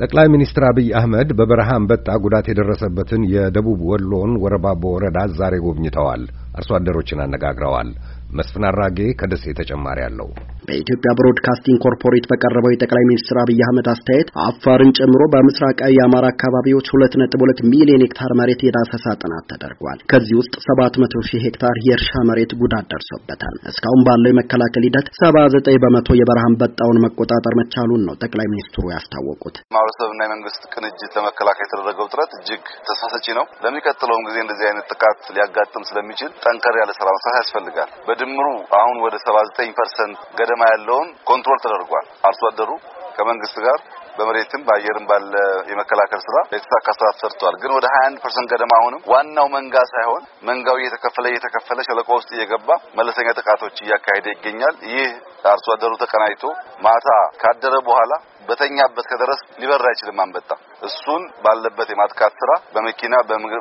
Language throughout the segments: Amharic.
ጠቅላይ ሚኒስትር አብይ አህመድ በበረሃ አንበጣ ጉዳት የደረሰበትን የደቡብ ወሎን ወረባቦ ወረዳ ዛሬ ጎብኝተዋል። አርሶ አደሮችን አነጋግረዋል። መስፍን አራጌ ከደሴ ተጨማሪ አለው። በኢትዮጵያ ብሮድካስቲንግ ኮርፖሬት በቀረበው የጠቅላይ ሚኒስትር አብይ አህመድ አስተያየት አፋርን ጨምሮ በምስራቃዊ የአማራ አካባቢዎች 2.2 ሚሊዮን ሄክታር መሬት የዳሰሳ ጥናት ተደርጓል። ከዚህ ውስጥ መቶ ሺህ ሄክታር የእርሻ መሬት ጉዳት ደርሶበታል። እስካሁን ባለው የመከላከል ሂደት 79 በመቶ የበረሃ አንበጣውን መቆጣጠር መቻሉን ነው ጠቅላይ ሚኒስትሩ ያስታወቁት። ማህበረሰብና የመንግስት ቅንጅት ለመከላከል የተደረገው ጥረት እጅግ ተስፋ ሰጪ ነው። ለሚቀጥለውም ጊዜ እንደዚህ አይነት ጥቃት ሊያጋጥም ስለሚችል ጠንከር ያለ ስራ መስራት ያስፈልጋል። በድምሩ አሁን ወደ 79 ፐርሰንት ገደ ከተማ ያለውን ኮንትሮል ተደርጓል። አርሶ አደሩ ከመንግስት ጋር በመሬትም በአየርም ባለ የመከላከል ስራ የተሳካ ስራ ተሰርቷል። ግን ወደ 21% ገደማ አሁንም ዋናው መንጋ ሳይሆን መንጋው እየተከፈለ እየተከፈለ ሸለቆ ውስጥ እየገባ መለሰኛ ጥቃቶች እያካሄደ ይገኛል። ይህ አርሶ አደሩ ተቀናጅቶ ማታ ካደረ በኋላ በተኛበት ከደረስ ሊበር አይችልም አንበጣ። እሱን ባለበት የማጥቃት ስራ በመኪና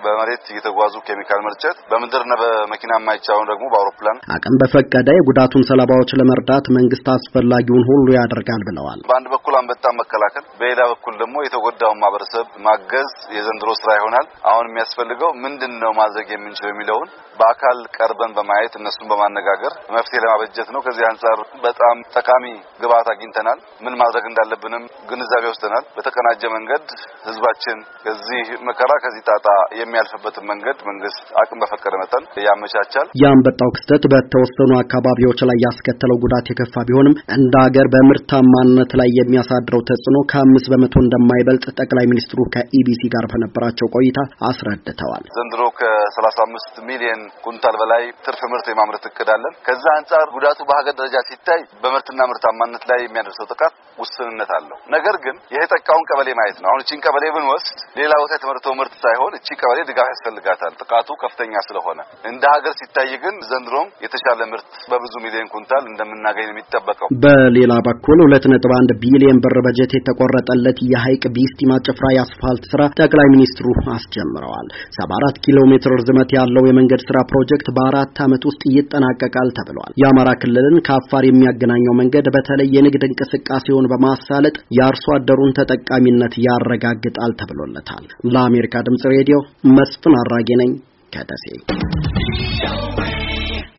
በመሬት እየተጓዙ ኬሚካል መርጨት፣ በምድርና በመኪና የማይቻለውን ደግሞ በአውሮፕላን አቅም በፈቀደ የጉዳቱን ሰለባዎች ለመርዳት መንግስት አስፈላጊውን ሁሉ ያደርጋል ብለዋል። በአንድ በኩል አንበጣ መከላከል፣ በሌላ በኩል ደግሞ የተጎዳውን ማህበረሰብ ማገዝ የዘንድሮ ስራ ይሆናል። አሁን የሚያስፈልገው ምንድን ነው ማድረግ የምንችለው የሚለውን በአካል ቀርበን በማየት እነሱን በማነጋገር መፍትሄ ለማበጀት ነው። ከዚህ አንጻር በጣም ጠቃሚ ግብዓት አግኝተናል። ምን ማድረግ እንዳለብን ይህንንም ግንዛቤ ወስደናል። በተቀናጀ መንገድ ህዝባችን ከዚህ መከራ ከዚህ ጣጣ የሚያልፍበትን መንገድ መንግስት አቅም በፈቀደ መጠን ያመቻቻል። የአንበጣው ክስተት በተወሰኑ አካባቢዎች ላይ ያስከተለው ጉዳት የከፋ ቢሆንም እንደ ሀገር በምርታማነት ላይ የሚያሳድረው ተጽዕኖ ከአምስት በመቶ እንደማይበልጥ ጠቅላይ ሚኒስትሩ ከኢቢሲ ጋር በነበራቸው ቆይታ አስረድተዋል። ዘንድሮ ከሰላሳ አምስት ሚሊዮን ኩንታል በላይ ትርፍ ምርት የማምረት እቅድ አለን። ከዛ አንጻር ጉዳቱ በሀገር ደረጃ ሲታይ በምርትና ምርታማነት ላይ የሚያደርሰው ጥቃት ውስንነት አለ። አለው። ነገር ግን የተጠቃውን ቀበሌ ማየት ነው። አሁን እቺን ቀበሌ ብንወስድ ሌላ ቦታ የተመረተው ምርት ሳይሆን እቺ ቀበሌ ድጋፍ ያስፈልጋታል፣ ጥቃቱ ከፍተኛ ስለሆነ። እንደ ሀገር ሲታይ ግን ዘንድሮም የተሻለ ምርት በብዙ ሚሊዮን ኩንታል እንደምናገኝ ነው የሚጠበቀው። በሌላ በኩል ሁለት ነጥብ አንድ ቢሊዮን ብር በጀት የተቆረጠለት የሀይቅ ቢስቲማ ጭፍራ የአስፋልት ስራ ጠቅላይ ሚኒስትሩ አስጀምረዋል። ሰባ አራት ኪሎ ሜትር ርዝመት ያለው የመንገድ ስራ ፕሮጀክት በአራት ዓመት ውስጥ ይጠናቀቃል ተብሏል። የአማራ ክልልን ከአፋር የሚያገናኘው መንገድ በተለይ የንግድ እንቅስቃሴውን በማሳለጥ ለውጥ የአርሶ አደሩን ተጠቃሚነት ያረጋግጣል ተብሎለታል። ለአሜሪካ ድምጽ ሬዲዮ መስፍን አራጌ ነኝ ከደሴ።